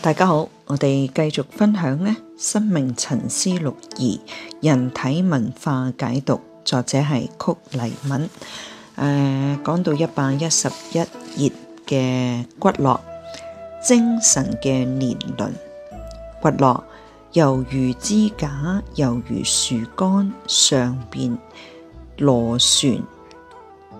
大家好，我哋繼續分享咧《生命沉思錄二：人體文化解讀》，作者係曲黎敏。誒、呃，講到一百一十一頁嘅骨骼，精神嘅年輪，骨骼猶如支架，猶如樹幹上邊螺旋。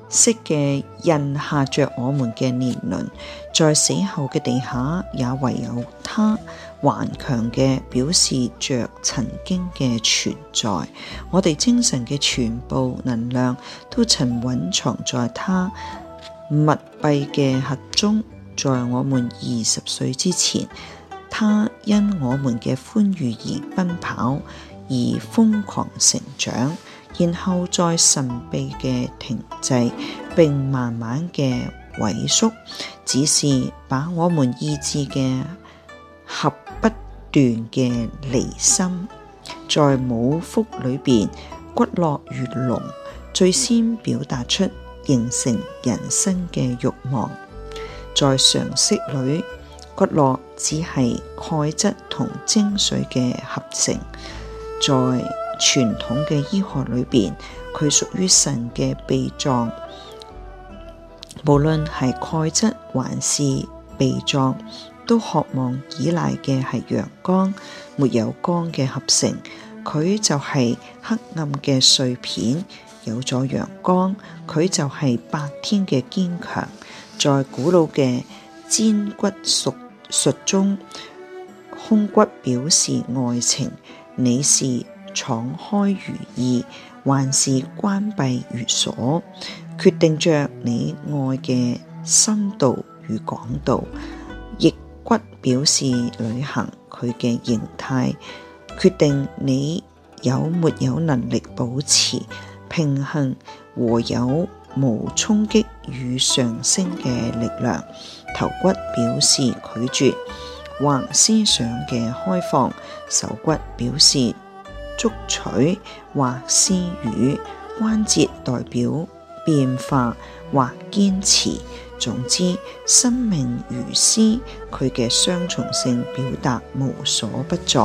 色嘅印下着我們嘅年輪，在死後嘅地下，也唯有它頑強嘅表示着曾經嘅存在。我哋精神嘅全部能量都曾蘊藏在它密閉嘅核中。在我們二十歲之前，它因我們嘅歡愉而奔跑，而瘋狂成長。然後再神秘嘅停滯，並慢慢嘅萎縮，只是把我們意志嘅合不斷嘅離心。在母腹裏邊骨骼越濃，最先表達出形成人生嘅慾望。在常識裏骨骼只係鈣質同精髓嘅合成，在傳統嘅醫學裏邊，佢屬於神嘅備葬，無論係鈣質還是備葬，都渴望依賴嘅係陽光。沒有光嘅合成，佢就係黑暗嘅碎片。有咗陽光，佢就係白天嘅堅強。在古老嘅占骨術術中，胸骨表示愛情，你是。敞開如意，還是關閉如鎖，決定着你愛嘅深度與廣度。翼骨表示旅行，佢嘅形態決定你有沒有能力保持平衡和有無衝擊與上升嘅力量。頭骨表示拒絕或思想嘅開放，手骨表示。捉取或施予，關節代表變化或堅持。總之，生命如斯，佢嘅雙重性表達無所不在。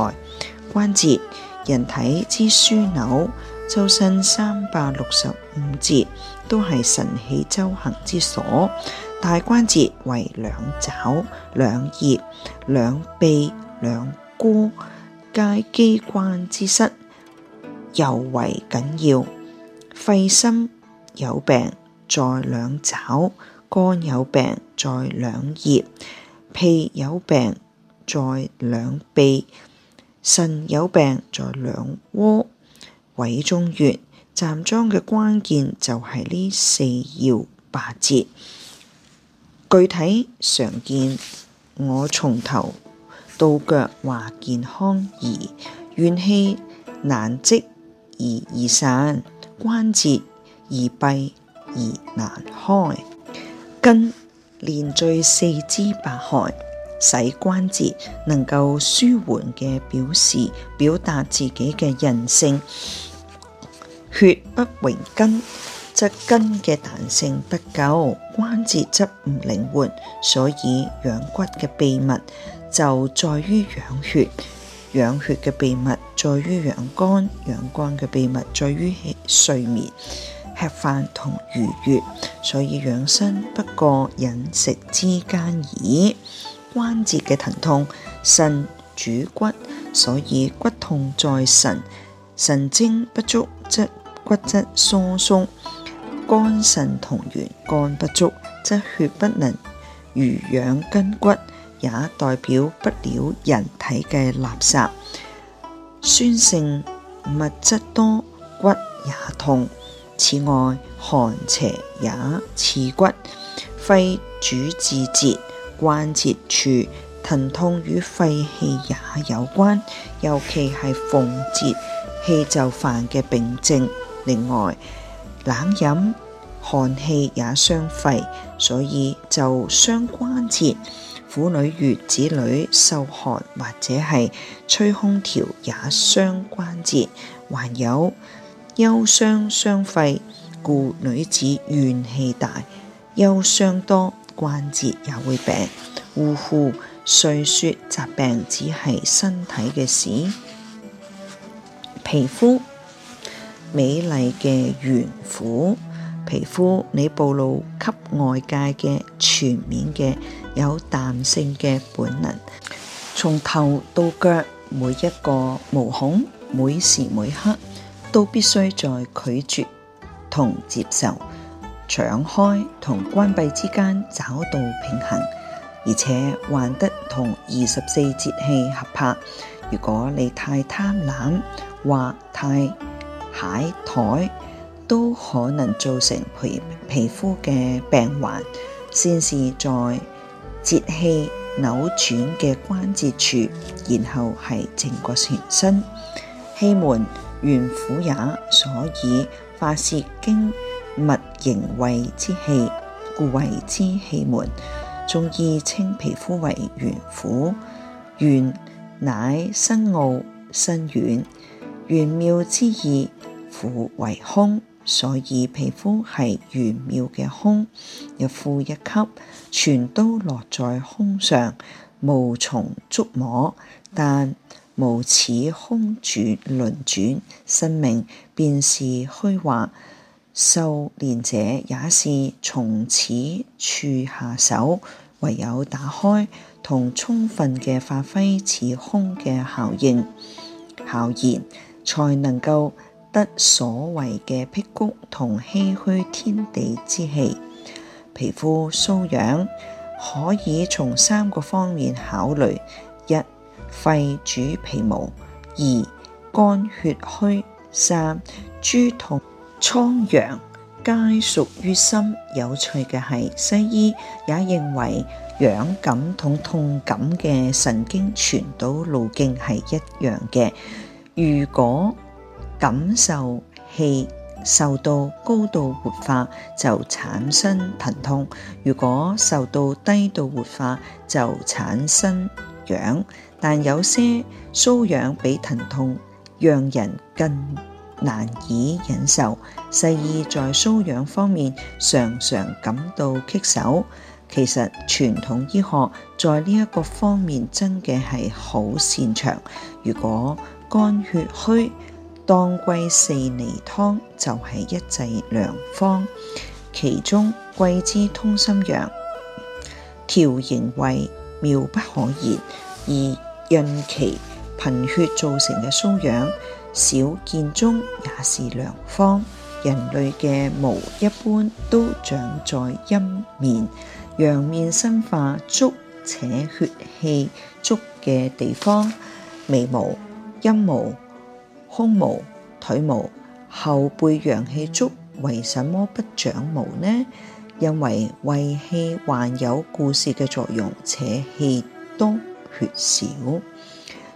關節，人體之樞紐，周身三百六十五節都係神氣周行之所。大關節為兩肘、兩腋、兩臂、兩股，皆機關之室。尤為緊要，肺心有病在兩爪，肝有病在兩腋，脾有病在兩臂，腎有病在兩窩。委中穴站樁嘅關鍵就係呢四要八節，具體常見，我從頭到腳話健康而怨氣難積而易散，關節易閉而難開，筋連綴四肢百骸，使關節能夠舒緩嘅表示表達自己嘅韌性。血不榮筋，則筋嘅彈性不夠，關節則唔靈活，所以養骨嘅秘密就在於養血，養血嘅秘密。在於養肝，養肝嘅秘密在於睡眠、吃飯同愉悅。所以養生不過飲食之間而已。關節嘅疼痛，腎主骨，所以骨痛在腎。腎精不足則骨質疏鬆。肝腎同源，肝不足則血不能濡養筋骨，也代表不了人體嘅垃圾。酸性物質多，骨也痛。此外，寒邪也刺骨。肺主治節，關節處疼痛與肺氣也有關，尤其係逢節氣就犯嘅病症。另外，冷飲寒氣也傷肺，所以就傷關節。婦女月子裏受寒或者係吹空調也傷關節，還有憂傷傷肺，故女子怨氣大，憂傷多，關節也會病。嗚呼，呼，雖說疾病只係身體嘅事，皮膚美麗嘅玄府。皮膚你暴露給外界嘅全面嘅有彈性嘅本能，從頭到腳每一個毛孔，每時每刻都必須在拒絕同接受、敞開同關閉之間找到平衡，而且還得同二十四節氣合拍。如果你太貪婪或太懈怠，都可能造成皮皮膚嘅病患，先是在節氣扭轉嘅關節處，然後係整個全身。氣門玄府也，所以化泄經脈營衛之氣，故謂之氣門。中醫稱皮膚為玄府，玄乃深奧深遠玄妙之意，府為空。所以皮膚係玄妙嘅空，一呼一吸，全都落在空上，無從觸摸。但無此空轉輪轉，生命便是虛幻。修練者也是從此處下手，唯有打開同充分嘅發揮此空嘅效應效言，才能夠得所謂嘅辟穀同唏噓天地之氣，皮膚瘙癢可以從三個方面考慮：一、肺主皮毛；二、肝血虛；三、諸痛瘡癢皆屬於心。有趣嘅係，西醫也認為癢感同痛感嘅神經傳導路徑係一樣嘅。如果感受器受到高度活化就產生疼痛，如果受到低度活化就產生癢。但有些瘙癢比疼痛讓人更難以忍受。西醫在瘙癢方面常常感到棘手。其實傳統醫學在呢一個方面真嘅係好擅長。如果肝血虛。當歸四逆湯就係、是、一劑良方，其中桂枝通心陽，調營衛，妙不可言。而孕期貧血造成嘅瘙癢，少見中也是良方。人類嘅毛一般都長在陰面，陽面生化足且血氣足嘅地方，眉毛、陰毛。胸毛、腿毛、後背陽氣足，為什麼不長毛呢？因為胃氣還有固攝嘅作用，且氣多血少。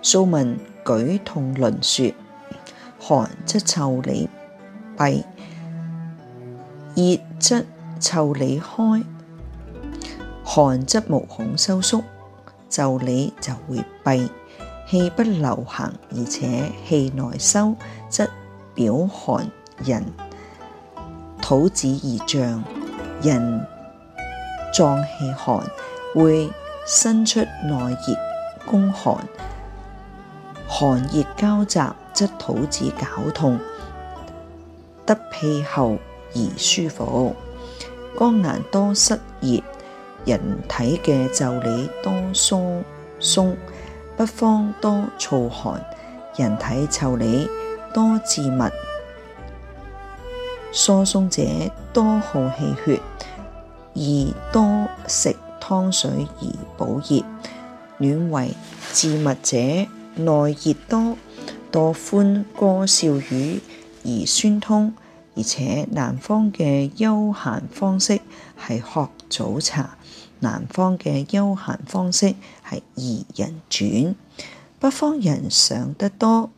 素問舉痛論說：寒則腠理閉，熱則腠理開。寒則毛孔收縮，就你就會閉。氣不流行，而且氣內收，則表寒人，肚子而脹，人臟氣寒，會生出內熱攻寒，寒熱交雜，則肚子絞痛，得屁後而舒服。肝寒多濕熱，人體嘅腠理多疏鬆，鬆。北方多燥寒，人體腠理多致密，疏鬆者多耗氣血，宜多食湯水而補熱，暖胃。致密者內熱多，多歡歌笑語而宣通。而且南方嘅休閒方式係喝早茶。南方嘅休閒方式係二人轉。北方人想得多，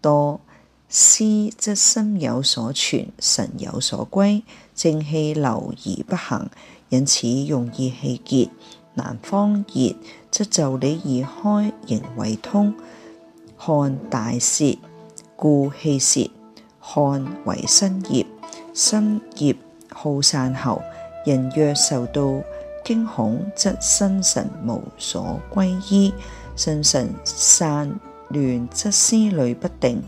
多思則心有所存，神有所歸，正氣流而不行，因此容易氣結。南方熱則就理而開，形胃通汗大泄，故氣泄汗為身熱，身熱耗散後，人若受到，驚恐則心神無所歸依，心神散亂則思慮不定；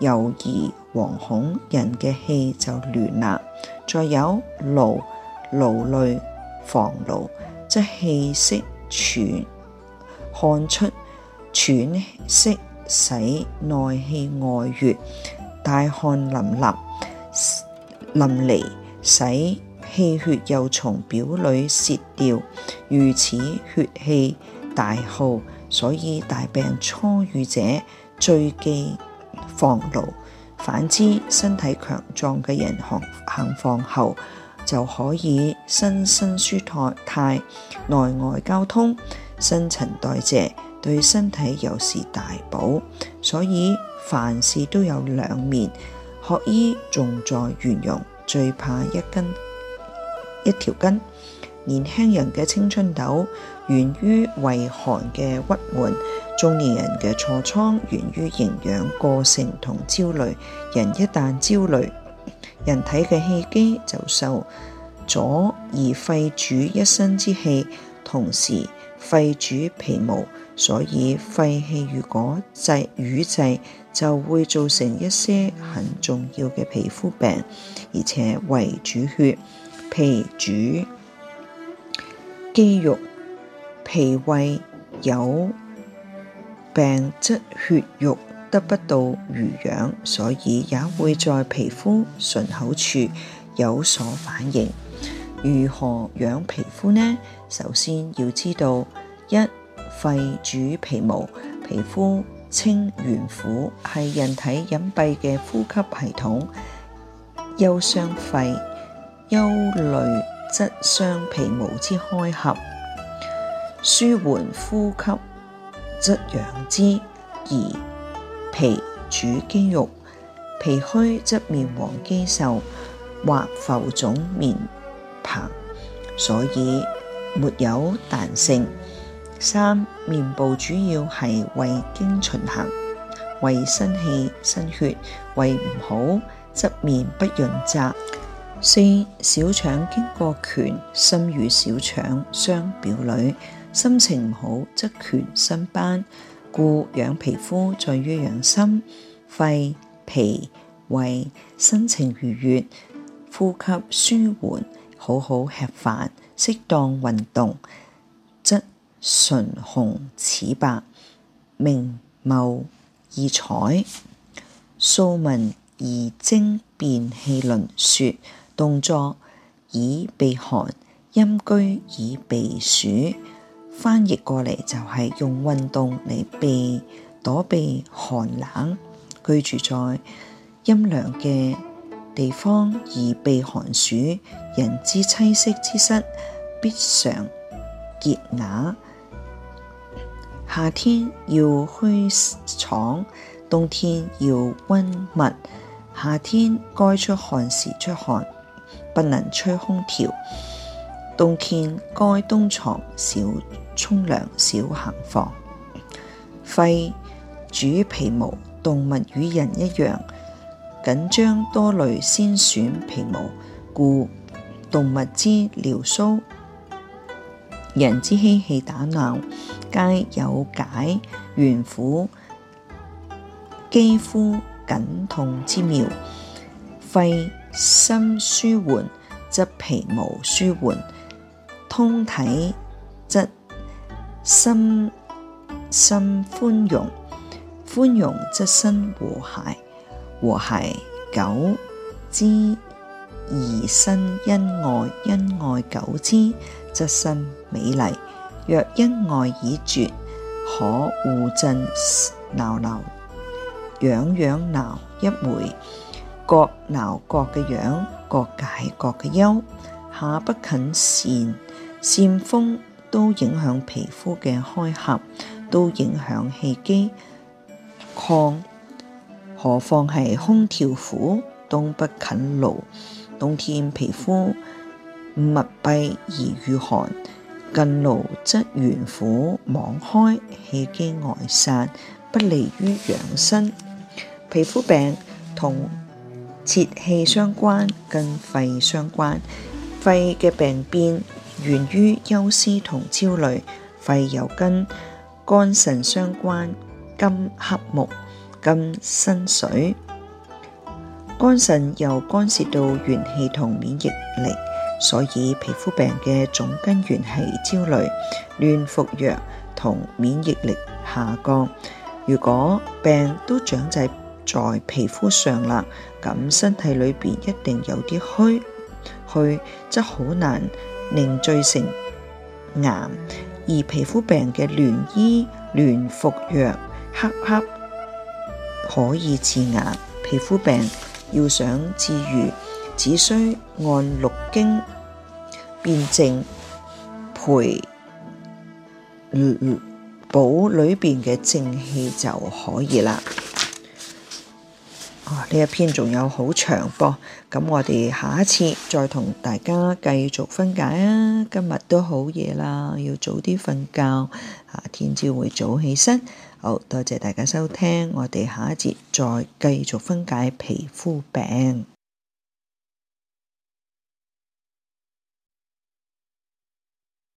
猶而惶恐，人嘅氣就亂啦。再有勞勞累房勞，則氣息喘汗出，喘息使內氣外越，大汗淋淋淋漓使。臨臨臨臨氣血又從表裏泄掉，如此血氣大耗，所以大病初愈者最忌房勞。反之，身體強壯嘅人行行房後就可以身心舒泰，內外交通，新陳代謝，對身體又係大補。所以凡事都有兩面，學醫重在圓融，最怕一根。一條筋。年輕人嘅青春痘，源於胃寒嘅鬱悶；中年人嘅痤瘡，源於營養過剩同焦慮。人一旦焦慮，人體嘅氣機就受阻，而肺主一身之氣，同時肺主皮毛，所以肺氣如果滯淤滯，就會造成一些很重要嘅皮膚病，而且胃主血。脾主肌肉，脾胃有病，則血肉得不到濡養，所以也會在皮膚唇口處有所反應。如何養皮膚呢？首先要知道，一、肺主皮毛，皮膚清元府係人體隱蔽嘅呼吸系統，憂傷肺。憂慮則傷皮毛之開合，舒緩呼吸則養之。而脾主肌肉，脾虛則面黃肌瘦或浮腫面龐，所以沒有彈性。三、面部主要係胃經循行，胃生氣生血，胃唔好則面不潤澤。四小腸經過顴，心與小腸相表裏，心情唔好則顴生斑，故養皮膚在於養心肺脾胃，心情愉悅，呼吸舒緩，好好吃飯，適當運動，則唇紅齒白，明眸異彩。素問移精變氣論說。動作以避寒，陰居以避暑。翻譯過嚟就係用運動嚟避，躲避寒冷，居住在陰涼嘅地方以避寒暑。人之棲息之室，必常潔雅。夏天要虛敞，冬天要温密。夏天該出汗時出汗。不能吹空調，冬天該冬藏，少沖涼，少行房。肺主皮毛，動物與人一樣，緊張多慮先損皮毛，故動物之療痠，人之嬉戲打鬧，皆有解寒苦、肌膚緊痛之妙。肺心舒緩，則皮毛舒緩；通體則心心寬容，寬容則身和諧，和諧久之而身恩愛，恩愛久之則身美麗。若恩愛已絕，可互盡鬧鬧，癢癢鬧一回。各撓各嘅癢，各解各嘅憂。夏不近扇，扇風都影響皮膚嘅開合，都影響氣機。況何況係空調苦，冬不近爐，冬天皮膚密閉而遇寒，近爐則玄府網開，氣機外散，不利於養生。皮膚病同。切氣相關，跟肺相關，肺嘅病變源於憂思同焦慮，肺又跟肝腎相關，金克木，金生水，肝腎又干涉到元氣同免疫力，所以皮膚病嘅總根源係焦慮、亂服藥同免疫力下降。如果病都長在。在皮膚上啦，咁身體裏邊一定有啲虛，虛則好難凝聚成癌。而皮膚病嘅亂醫亂服藥，恰恰可以致癌。皮膚病要想治癒，只需按六經辨證培補裏邊嘅正氣就可以啦。哦，呢一篇仲有好長噃，咁我哋下一次再同大家繼續分解啊！今日都好夜啦，要早啲瞓覺，啊，聽朝會早起身。好多謝大家收聽，我哋下一節再繼續分解皮膚病。